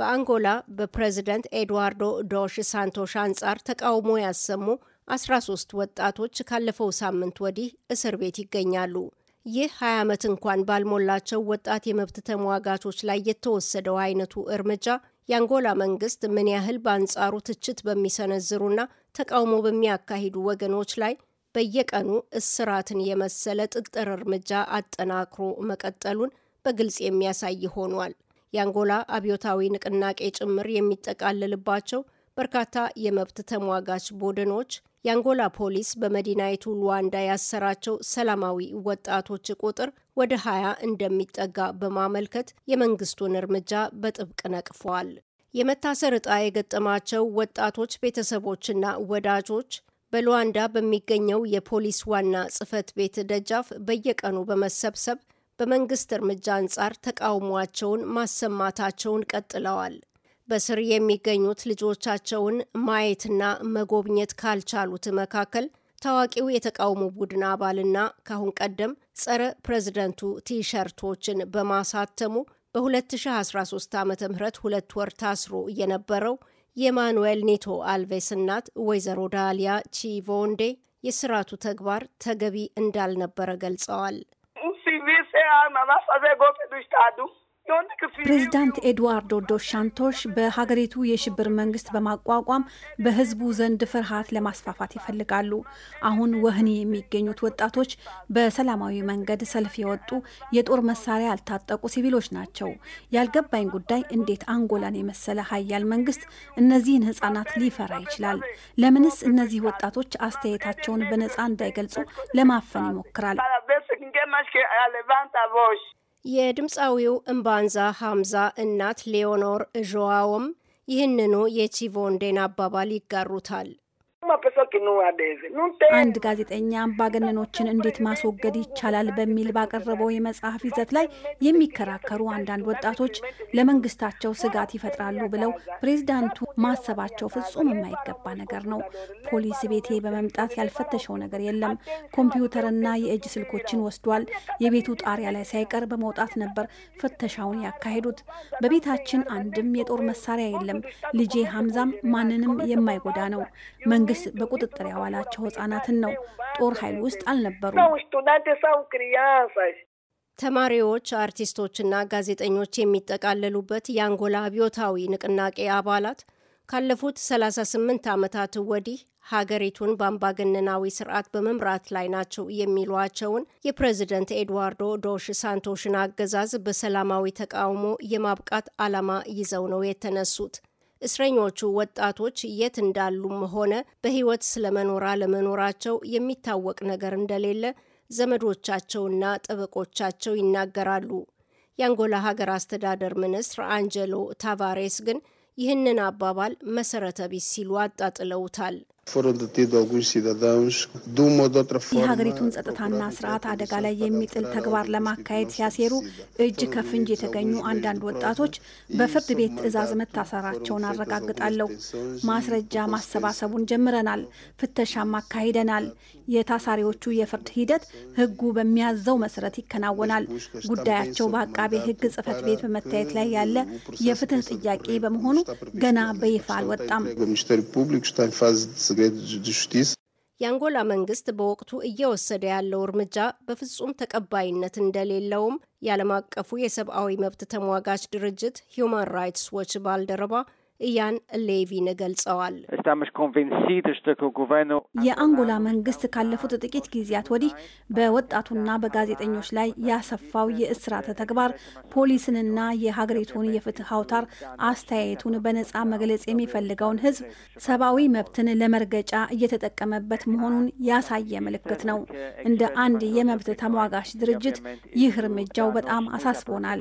በአንጎላ በፕሬዝደንት ኤድዋርዶ ዶሽ ሳንቶሽ አንጻር ተቃውሞ ያሰሙ 13 ወጣቶች ካለፈው ሳምንት ወዲህ እስር ቤት ይገኛሉ። ይህ 20 ዓመት እንኳን ባልሞላቸው ወጣት የመብት ተሟጋቾች ላይ የተወሰደው አይነቱ እርምጃ የአንጎላ መንግስት ምን ያህል በአንጻሩ ትችት በሚሰነዝሩና ተቃውሞ በሚያካሂዱ ወገኖች ላይ በየቀኑ እስራትን የመሰለ ጥጥር እርምጃ አጠናክሮ መቀጠሉን በግልጽ የሚያሳይ ሆኗል። የአንጎላ አብዮታዊ ንቅናቄ ጭምር የሚጠቃለልባቸው በርካታ የመብት ተሟጋች ቡድኖች የአንጎላ ፖሊስ በመዲናይቱ ሉዋንዳ ያሰራቸው ሰላማዊ ወጣቶች ቁጥር ወደ 20 እንደሚጠጋ በማመልከት የመንግስቱን እርምጃ በጥብቅ ነቅፈዋል። የመታሰር ዕጣ የገጠማቸው ወጣቶች ቤተሰቦችና ወዳጆች በሉዋንዳ በሚገኘው የፖሊስ ዋና ጽሕፈት ቤት ደጃፍ በየቀኑ በመሰብሰብ በመንግስት እርምጃ አንጻር ተቃውሟቸውን ማሰማታቸውን ቀጥለዋል። በስር የሚገኙት ልጆቻቸውን ማየትና መጎብኘት ካልቻሉት መካከል ታዋቂው የተቃውሞ ቡድን አባልና ካሁን ቀደም ጸረ ፕሬዝደንቱ ቲሸርቶችን በማሳተሙ በ2013 ዓ ም ሁለት ወር ታስሮ የነበረው የማኑኤል ኒቶ አልቬስ እናት ወይዘሮ ዳሊያ ቺቮንዴ የስርዓቱ ተግባር ተገቢ እንዳልነበረ ገልጸዋል። vice fazer golpe do Estado. ፕሬዚዳንት ኤድዋርዶ ዶስ በሀገሪቱ የሽብር መንግስት በማቋቋም በህዝቡ ዘንድ ፍርሃት ለማስፋፋት ይፈልጋሉ። አሁን ወህኒ የሚገኙት ወጣቶች በሰላማዊ መንገድ ሰልፍ የወጡ የጦር መሳሪያ ያልታጠቁ ሲቪሎች ናቸው። ያልገባኝ ጉዳይ እንዴት አንጎላን የመሰለ ሀያል መንግስት እነዚህን ህጻናት ሊፈራ ይችላል? ለምንስ እነዚህ ወጣቶች አስተያየታቸውን በነፃ እንዳይገልጹ ለማፈን ይሞክራል? የድምፃዊው እምባንዛ ሐምዛ እናት ሌዮኖር እዦዋውም ይህንኑ የቺቮንዴን አባባል ይጋሩታል። አንድ ጋዜጠኛ አምባገነኖችን እንዴት ማስወገድ ይቻላል በሚል ባቀረበው የመጽሐፍ ይዘት ላይ የሚከራከሩ አንዳንድ ወጣቶች ለመንግስታቸው ስጋት ይፈጥራሉ ብለው ፕሬዚዳንቱ ማሰባቸው ፍጹም የማይገባ ነገር ነው። ፖሊስ ቤቴ በመምጣት ያልፈተሸው ነገር የለም። ኮምፒውተርና የእጅ ስልኮችን ወስዷል። የቤቱ ጣሪያ ላይ ሳይቀር በመውጣት ነበር ፍተሻውን ያካሄዱት። በቤታችን አንድም የጦር መሳሪያ የለም። ልጄ ሀምዛም ማንንም የማይጎዳ ነው። መንግስት ፖሊስ በቁጥጥር ያዋላቸው ህጻናትን ነው። ጦር ኃይል ውስጥ አልነበሩም። ተማሪዎች፣ አርቲስቶችና ጋዜጠኞች የሚጠቃለሉበት የአንጎላ አብዮታዊ ንቅናቄ አባላት ካለፉት 38 ዓመታት ወዲህ ሀገሪቱን በአምባገነናዊ ስርዓት በመምራት ላይ ናቸው የሚሏቸውን የፕሬዝደንት ኤድዋርዶ ዶሽ ሳንቶሽን አገዛዝ በሰላማዊ ተቃውሞ የማብቃት ዓላማ ይዘው ነው የተነሱት። እስረኞቹ ወጣቶች የት እንዳሉም ሆነ በሕይወት ስለመኖር አለመኖራቸው የሚታወቅ ነገር እንደሌለ ዘመዶቻቸውና ጠበቆቻቸው ይናገራሉ። የአንጎላ ሀገር አስተዳደር ሚኒስትር አንጀሎ ታቫሬስ ግን ይህንን አባባል መሰረተ ቢስ ሲሉ አጣጥለውታል። የሀገሪቱን ጸጥታና ስርዓት አደጋ ላይ የሚጥል ተግባር ለማካሄድ ሲያሴሩ እጅ ከፍንጅ የተገኙ አንዳንድ ወጣቶች e በፍርድ ቤት ትዕዛዝ መታሰራቸውን አረጋግጣለሁ። e ማስረጃ ማሰባሰቡን ጀምረናል። ፍተሻም አካሂደናል። የታሳሪዎቹ የፍርድ ሂደት ህጉ በሚያዘው መሰረት ይከናወናል። ጉዳያቸው በአቃቤ ህግ ጽህፈት ቤት በመታየት ላይ ያለ የፍትህ ጥያቄ በመሆኑ ገና በይፋ አልወጣም። የአንጎላ መንግስት በወቅቱ እየወሰደ ያለው እርምጃ በፍጹም ተቀባይነት እንደሌለውም የዓለም አቀፉ የሰብአዊ መብት ተሟጋች ድርጅት ሂዩማን ራይትስ ዎች ባልደረባ ኢያን ሌቪን ገልጸዋል። የአንጎላ መንግስት ካለፉት ጥቂት ጊዜያት ወዲህ በወጣቱና በጋዜጠኞች ላይ ያሰፋው የእስራተ ተግባር ፖሊስንና የሀገሪቱን የፍትህ አውታር አስተያየቱን በነፃ መግለጽ የሚፈልገውን ህዝብ ሰብአዊ መብትን ለመርገጫ እየተጠቀመበት መሆኑን ያሳየ ምልክት ነው። እንደ አንድ የመብት ተሟጋች ድርጅት ይህ እርምጃው በጣም አሳስቦናል።